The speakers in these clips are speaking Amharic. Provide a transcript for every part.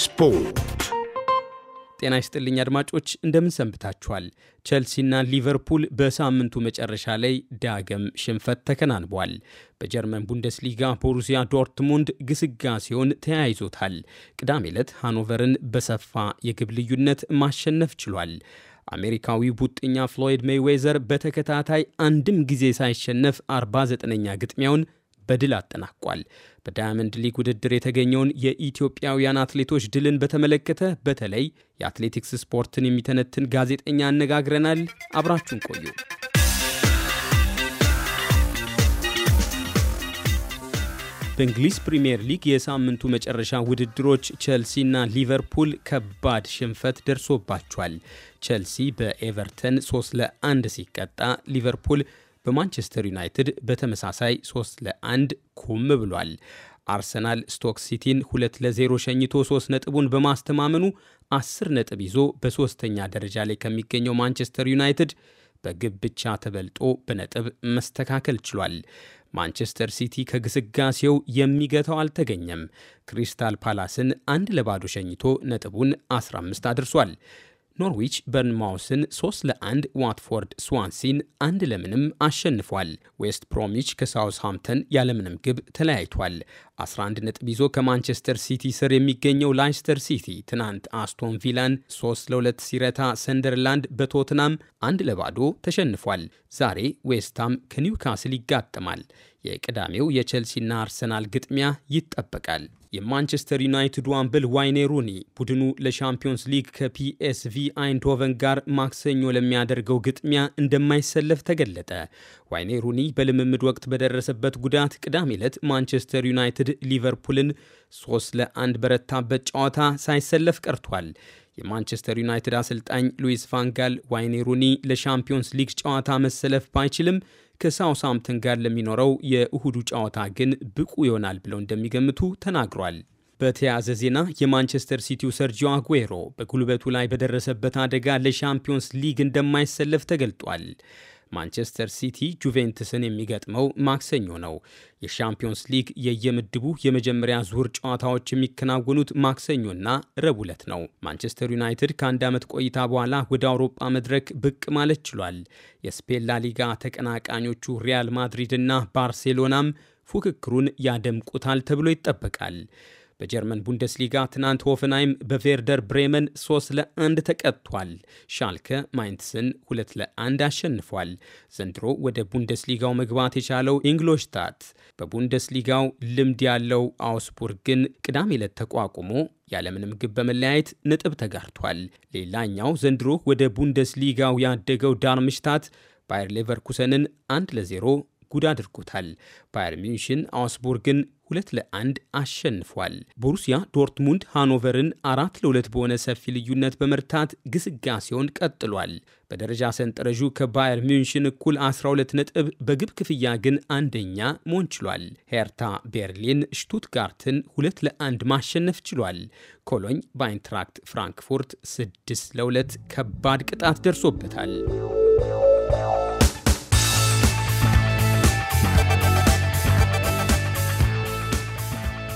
ስፖርት ጤና ይስጥልኝ አድማጮች፣ እንደምን ሰንብታችኋል? ቸልሲና ሊቨርፑል በሳምንቱ መጨረሻ ላይ ዳግም ሽንፈት ተከናንቧል። በጀርመን ቡንደስሊጋ ቦሩሲያ ዶርትሙንድ ግስጋሴውን ተያይዞታል። ቅዳሜ ዕለት ሃኖቨርን በሰፋ የግብ ልዩነት ማሸነፍ ችሏል። አሜሪካዊ ቡጥኛ ፍሎይድ ሜይዌዘር በተከታታይ አንድም ጊዜ ሳይሸነፍ 49ኛ ግጥሚያውን በድል አጠናቋል። በዳያመንድ ሊግ ውድድር የተገኘውን የኢትዮጵያውያን አትሌቶች ድልን በተመለከተ በተለይ የአትሌቲክስ ስፖርትን የሚተነትን ጋዜጠኛ አነጋግረናል። አብራችሁን ቆዩ። በእንግሊዝ ፕሪምየር ሊግ የሳምንቱ መጨረሻ ውድድሮች ቸልሲና ሊቨርፑል ከባድ ሽንፈት ደርሶባቸዋል። ቸልሲ በኤቨርተን 3 ለ1 ሲቀጣ ሊቨርፑል በማንቸስተር ዩናይትድ በተመሳሳይ 3 ለአንድ ኩም ብሏል። አርሰናል ስቶክ ሲቲን ለ 0 ሸኝቶ 3 ነጥቡን በማስተማመኑ አስር ነጥብ ይዞ በሦስተኛ ደረጃ ላይ ከሚገኘው ማንቸስተር ዩናይትድ በግብ ብቻ ተበልጦ በነጥብ መስተካከል ችሏል። ማንቸስተር ሲቲ ከግስጋሴው የሚገታው አልተገኘም። ክሪስታል ፓላስን አንድ ለባዶ ሸኝቶ ነጥቡን 15 አድርሷል። ኖርዊች በርንማውስን 3 ለአንድ፣ ዋትፎርድ ስዋንሲን አንድ ለምንም አሸንፏል። ዌስት ፕሮሚች ሃምተን ያለምንም ግብ ተለያይቷል። 11 ነጥብ ይዞ ከማንቸስተር ሲቲ ስር የሚገኘው ላይስተር ሲቲ ትናንት አስቶን ቪላን 3 ለ2 ሲረታ፣ ሰንደርላንድ በቶትናም አንድ ለባዶ ተሸንፏል። ዛሬ ዌስትሃም ከኒውካስል ይጋጥማል። የቅዳሜው የቼልሲና አርሰናል ግጥሚያ ይጠበቃል። የማንቸስተር ዩናይትድ አምበል ዋይኔ ሩኒ ቡድኑ ለሻምፒዮንስ ሊግ ከፒኤስቪ አይንድሆቨን ጋር ማክሰኞ ለሚያደርገው ግጥሚያ እንደማይሰለፍ ተገለጠ። ዋይኔ ሩኒ በልምምድ ወቅት በደረሰበት ጉዳት ቅዳሜ ዕለት ማንቸስተር ዩናይትድ ሊቨርፑልን ለ1 በረታበት ጨዋታ ሳይሰለፍ ቀርቷል። የማንቸስተር ዩናይትድ አሰልጣኝ ሉዊስ ቫንጋል ዋይኔ ሩኒ ለሻምፒዮንስ ሊግ ጨዋታ መሰለፍ ባይችልም ከሳውሳምተን ጋር ለሚኖረው የእሁዱ ጨዋታ ግን ብቁ ይሆናል ብለው እንደሚገምቱ ተናግሯል። በተያያዘ ዜና የማንቸስተር ሲቲው ሰርጂዮ አጉዌሮ በጉልበቱ ላይ በደረሰበት አደጋ ለሻምፒዮንስ ሊግ እንደማይሰለፍ ተገልጧል። ማንቸስተር ሲቲ ጁቬንትስን የሚገጥመው ማክሰኞ ነው። የሻምፒዮንስ ሊግ የየምድቡ የመጀመሪያ ዙር ጨዋታዎች የሚከናወኑት ማክሰኞና ረቡዕ ዕለት ነው። ማንቸስተር ዩናይትድ ከአንድ ዓመት ቆይታ በኋላ ወደ አውሮጳ መድረክ ብቅ ማለት ችሏል። የስፔን ሊጋ ተቀናቃኞቹ ሪያል ማድሪድ እና ባርሴሎናም ፉክክሩን ያደምቁታል ተብሎ ይጠበቃል። በጀርመን ቡንደስሊጋ ትናንት ሆፈንሃይም በቬርደር ብሬመን 3 ለ1 ተቀጥቷል። ሻልከ ማይንትስን 2 ለአንድ አሸንፏል። ዘንድሮ ወደ ቡንደስሊጋው መግባት የቻለው ኢንግሎሽታት በቡንደስሊጋው ልምድ ያለው አውስቡርግን ቅዳሜ ዕለት ተቋቁሞ ያለምንም ግብ በመለያየት ነጥብ ተጋርቷል። ሌላኛው ዘንድሮ ወደ ቡንደስሊጋው ያደገው ዳርምሽታት ባየር ሌቨርኩሰንን ለ ለዜሮ ጉድ አድርጎታል። ባየር ሚንሽን አውስቡርግን ሁለት ለአንድ አሸንፏል። ቦሩሲያ ዶርትሙንድ ሃኖቨርን አራት ለሁለት በሆነ ሰፊ ልዩነት በመርታት ግስጋሴውን ቀጥሏል። በደረጃ ሰንጠረዡ ከባየር ሚንሽን እኩል 12 ነጥብ በግብ ክፍያ ግን አንደኛ መሆን ችሏል። ሄርታ ቤርሊን ሽቱትጋርትን ሁለት ለአንድ ማሸነፍ ችሏል። ኮሎኝ በአይንትራክት ፍራንክፉርት ስድስት ለሁለት ከባድ ቅጣት ደርሶበታል።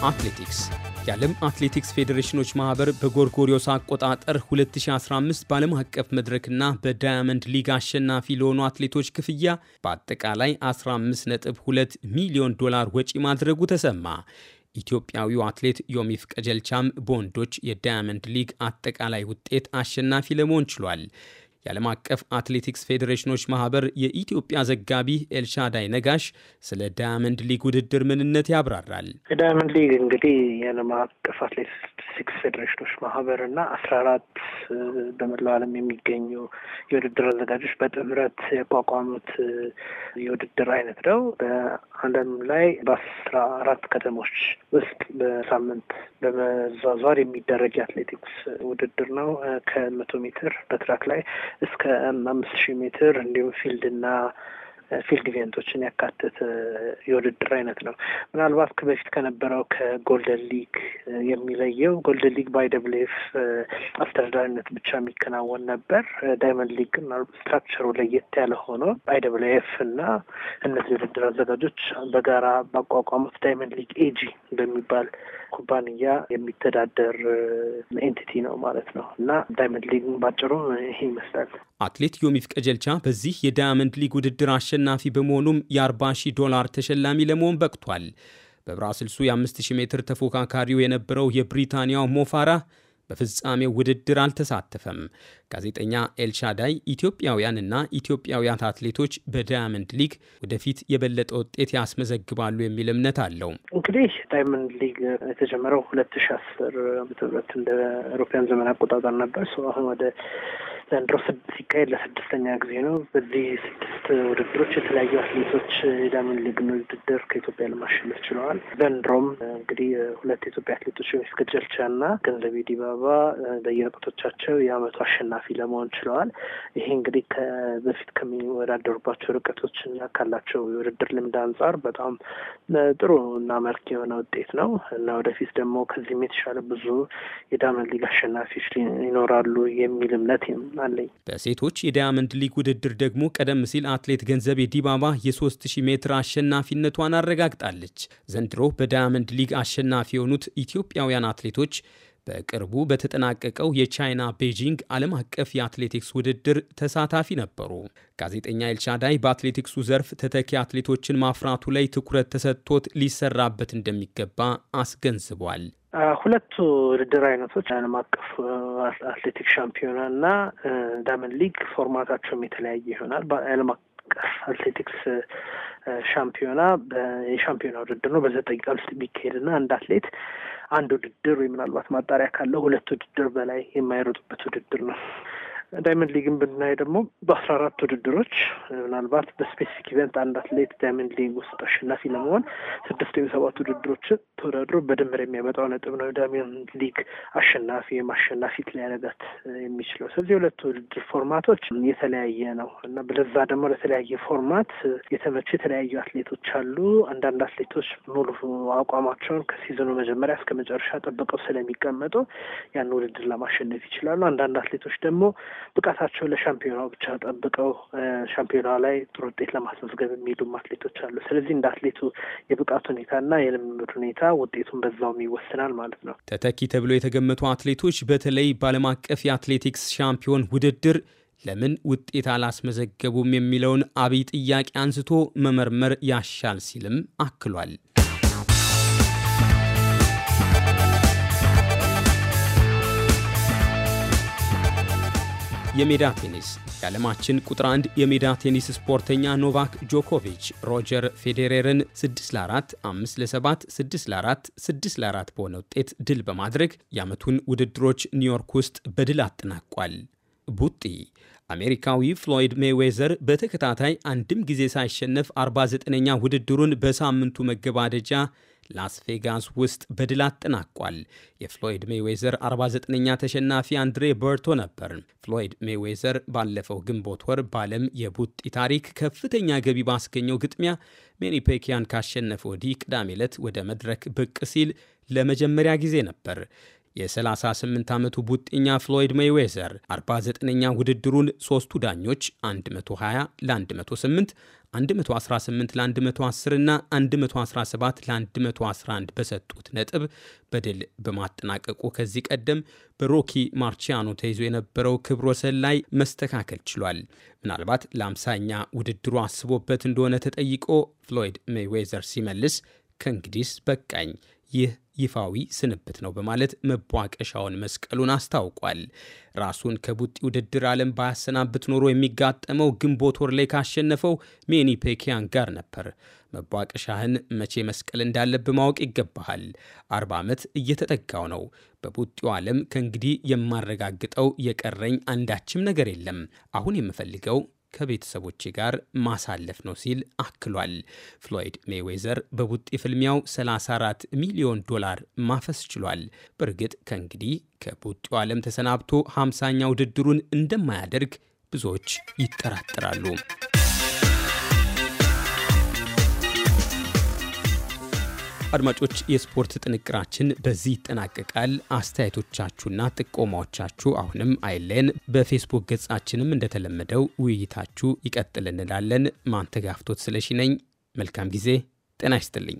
አትሌቲክስ የዓለም አትሌቲክስ ፌዴሬሽኖች ማኅበር በጎርጎሪዮስ አቆጣጠር 2015 በዓለም አቀፍ መድረክና በዳያመንድ ሊግ አሸናፊ ለሆኑ አትሌቶች ክፍያ በአጠቃላይ 15.2 ሚሊዮን ዶላር ወጪ ማድረጉ ተሰማ። ኢትዮጵያዊው አትሌት ዮሚፍ ቀጀልቻም በወንዶች የዳያመንድ ሊግ አጠቃላይ ውጤት አሸናፊ ለመሆን ችሏል። የዓለም አቀፍ አትሌቲክስ ፌዴሬሽኖች ማህበር የኢትዮጵያ ዘጋቢ ኤልሻዳይ ነጋሽ ስለ ዳያመንድ ሊግ ውድድር ምንነት ያብራራል። ዳያመንድ ሊግ እንግዲህ የዓለም አቀፍ አትሌቲክስ ሲክስ ፌዴሬሽኖች ማህበር እና አስራ አራት በመላው ዓለም የሚገኙ የውድድር አዘጋጆች በጥምረት ያቋቋሙት የውድድር አይነት ነው። በዓለም ላይ በአስራ አራት ከተሞች ውስጥ በሳምንት በመዟዟር የሚደረግ የአትሌቲክስ ውድድር ነው። ከመቶ ሜትር በትራክ ላይ እስከ አምስት ሺህ ሜትር እንዲሁም ፊልድ እና ፊልድ ኢቬንቶችን ያካተተ የውድድር አይነት ነው። ምናልባት በፊት ከነበረው ከጎልደን ሊግ የሚለየው ጎልደን ሊግ ባይ ደብል ኤፍ አስተዳዳሪነት ብቻ የሚከናወን ነበር። ዳይመንድ ሊግ ስትራክቸሩ ለየት ያለ ሆኖ ባይ ደብል ኤፍ እና እነዚህ የውድድር አዘጋጆች በጋራ ባቋቋሙት ዳይመንድ ሊግ ኤጂ በሚባል ኩባንያ የሚተዳደር ኤንቲቲ ነው ማለት ነው እና ዳይመንድ ሊግ ባጭሩ ይሄ ይመስላል። አትሌት ዮሚፍ ቀጀልቻ በዚህ የዳይመንድ ሊግ ውድድር አሸ አሸናፊ በመሆኑም የ40 ዶላር ተሸላሚ ለመሆን በቅቷል። በብራስልሱ የ5000 ሜትር ተፎካካሪው የነበረው የብሪታንያው ሞፋራ በፍጻሜው ውድድር አልተሳተፈም። ጋዜጠኛ ኤልሻዳይ ኢትዮጵያውያንና ኢትዮጵያውያት አትሌቶች በዳያመንድ ሊግ ወደፊት የበለጠ ውጤት ያስመዘግባሉ የሚል እምነት አለው። እንግዲህ ዳያመንድ ሊግ የተጀመረው ሁለት ሺ አስር ዓመተ ምህረት እንደ አውሮፓውያን ዘመን አቆጣጠር ነበር። አሁን ወደ ዘንድሮ ሲካሄድ ለስድስተኛ ጊዜ ነው። በዚህ ስድስት ውድድሮች የተለያዩ አትሌቶች የዳምን ሊግን ውድድር ከኢትዮጵያ ለማሸነፍ ችለዋል። ዘንድሮም እንግዲህ ሁለት የኢትዮጵያ አትሌቶች ሚስክ ጀልቻና ገንዘቤ ዲባባ በየርቀቶቻቸው የአመቱ አሸናፊ ለመሆን ችለዋል። ይሄ እንግዲህ በፊት ከሚወዳደሩባቸው ርቀቶች እና ካላቸው የውድድር ልምድ አንጻር በጣም ጥሩ እና መርክ የሆነ ውጤት ነው እና ወደፊት ደግሞ ከዚህም የተሻለ ብዙ የዳመን ሊግ አሸናፊዎች ይኖራሉ የሚል እምነት አለኝ። በሴቶች የዳያመንድ ሊግ ውድድር ደግሞ ቀደም ሲል አትሌት ገንዘቤ ዲባባ የ3000 ሜትር አሸናፊነቷን አረጋግጣለች። ዘንድሮ በዳያመንድ ሊግ አሸናፊ የሆኑት ኢትዮጵያውያን አትሌቶች በቅርቡ በተጠናቀቀው የቻይና ቤጂንግ ዓለም አቀፍ የአትሌቲክስ ውድድር ተሳታፊ ነበሩ። ጋዜጠኛ ኤልሻዳይ በአትሌቲክሱ ዘርፍ ተተኪ አትሌቶችን ማፍራቱ ላይ ትኩረት ተሰጥቶት ሊሰራበት እንደሚገባ አስገንዝቧል። ሁለቱ ውድድር አይነቶች ዓለም አቀፍ አትሌቲክ ሻምፒዮና እና ዳመን ሊግ ፎርማታቸውም የተለያየ ይሆናል። በዓለም አቀፍ አትሌቲክስ ሻምፒዮና የሻምፒዮና ውድድር ነው። በዘጠኝ ቀን ውስጥ የሚካሄድ እና አንድ አትሌት አንድ ውድድር ወይ ምናልባት ማጣሪያ ካለው ሁለት ውድድር በላይ የማይረጡበት ውድድር ነው። ዳይመንድ ሊግን ብናይ ደግሞ በአስራ አራት ውድድሮች ምናልባት በስፔሲፊክ ኢቨንት አንድ አትሌት ዳይመንድ ሊግ ውስጥ አሸናፊ ለመሆን ስድስት ወይም ሰባት ውድድሮች ተወዳድሮ በድምር የሚያመጣው ነጥብ ነው ዳይመንድ ሊግ አሸናፊ ወይም አሸናፊት ሊያደርጋት የሚችለው። ስለዚህ ሁለቱ ውድድር ፎርማቶች የተለያየ ነው እና ለዛ ደግሞ ለተለያየ ፎርማት የተመቸ የተለያዩ አትሌቶች አሉ። አንዳንድ አትሌቶች ሙሉ አቋማቸውን ከሲዝኑ መጀመሪያ እስከ መጨረሻ ጠብቀው ስለሚቀመጡ ያን ውድድር ለማሸነፍ ይችላሉ። አንዳንድ አትሌቶች ደግሞ ብቃታቸው ለሻምፒዮናው ብቻ ጠብቀው ሻምፒዮና ላይ ጥሩ ውጤት ለማስመዝገብ የሚሄዱም አትሌቶች አሉ። ስለዚህ እንደ አትሌቱ የብቃት ሁኔታና የልምምድ ሁኔታ ውጤቱን በዛውም ይወስናል ማለት ነው። ተተኪ ተብሎ የተገመቱ አትሌቶች በተለይ በዓለም አቀፍ የአትሌቲክስ ሻምፒዮን ውድድር ለምን ውጤት አላስመዘገቡም የሚለውን አብይ ጥያቄ አንስቶ መመርመር ያሻል ሲልም አክሏል። የሜዳ ቴኒስ የዓለማችን ቁጥር አንድ የሜዳ ቴኒስ ስፖርተኛ ኖቫክ ጆኮቪች ሮጀር ፌዴሬርን 6 ለ4፣ 5 ለ7፣ 6 ለ4፣ 6 ለ4 በሆነ ውጤት ድል በማድረግ የዓመቱን ውድድሮች ኒውዮርክ ውስጥ በድል አጠናቋል። ቡጢ አሜሪካዊ ፍሎይድ ሜይዌዘር በተከታታይ አንድም ጊዜ ሳይሸነፍ 49ኛ ውድድሩን በሳምንቱ መገባደጃ ላስ ቬጋስ ውስጥ በድል አጠናቋል። የፍሎይድ ሜይዌዘር 49ኛ ተሸናፊ አንድሬ በርቶ ነበር። ፍሎይድ ሜይዌዘር ባለፈው ግንቦት ወር በዓለም የቡጢ ታሪክ ከፍተኛ ገቢ ባስገኘው ግጥሚያ ሜኒ ፔኪያን ካሸነፈ ወዲህ ቅዳሜ ዕለት ወደ መድረክ ብቅ ሲል ለመጀመሪያ ጊዜ ነበር። የ38 ዓመቱ ቡጢኛ ፍሎይድ ሜይዌዘር 49ኛ ውድድሩን ሦስቱ ዳኞች 120 ለ108 118 ለ110 እና 117 ለ111 በሰጡት ነጥብ በድል በማጠናቀቁ ከዚህ ቀደም በሮኪ ማርቺያኖ ተይዞ የነበረው ክብረ ወሰን ላይ መስተካከል ችሏል። ምናልባት ለአምሳኛ ውድድሩ አስቦበት እንደሆነ ተጠይቆ ፍሎይድ ሜይዌዘር ሲመልስ ከእንግዲህስ በቃኝ ይህ ይፋዊ ስንብት ነው በማለት መቧቀሻውን መስቀሉን አስታውቋል። ራሱን ከቡጢ ውድድር ዓለም ባያሰናብት ኖሮ የሚጋጠመው ግንቦት ወር ላይ ካሸነፈው ሜኒ ፔኪያን ጋር ነበር። መቧቀሻህን መቼ መስቀል እንዳለብ ማወቅ ይገባሃል። አርባ ዓመት እየተጠጋው ነው። በቡጢው ዓለም ከእንግዲህ የማረጋግጠው የቀረኝ አንዳችም ነገር የለም። አሁን የምፈልገው ከቤተሰቦቼ ጋር ማሳለፍ ነው ሲል አክሏል። ፍሎይድ ሜይዌዘር በቡጢ ፍልሚያው 34 ሚሊዮን ዶላር ማፈስ ችሏል። በእርግጥ ከእንግዲህ ከቡጢው ዓለም ተሰናብቶ 50ኛ ውድድሩን እንደማያደርግ ብዙዎች ይጠራጠራሉ። አድማጮች የስፖርት ጥንቅራችን በዚህ ይጠናቀቃል። አስተያየቶቻችሁና ጥቆማዎቻችሁ አሁንም አይለን። በፌስቡክ ገጻችንም እንደተለመደው ውይይታችሁ ይቀጥል እንላለን። ማንተጋፍቶት ስለሺ ነኝ። መልካም ጊዜ። ጤና ይስጥልኝ።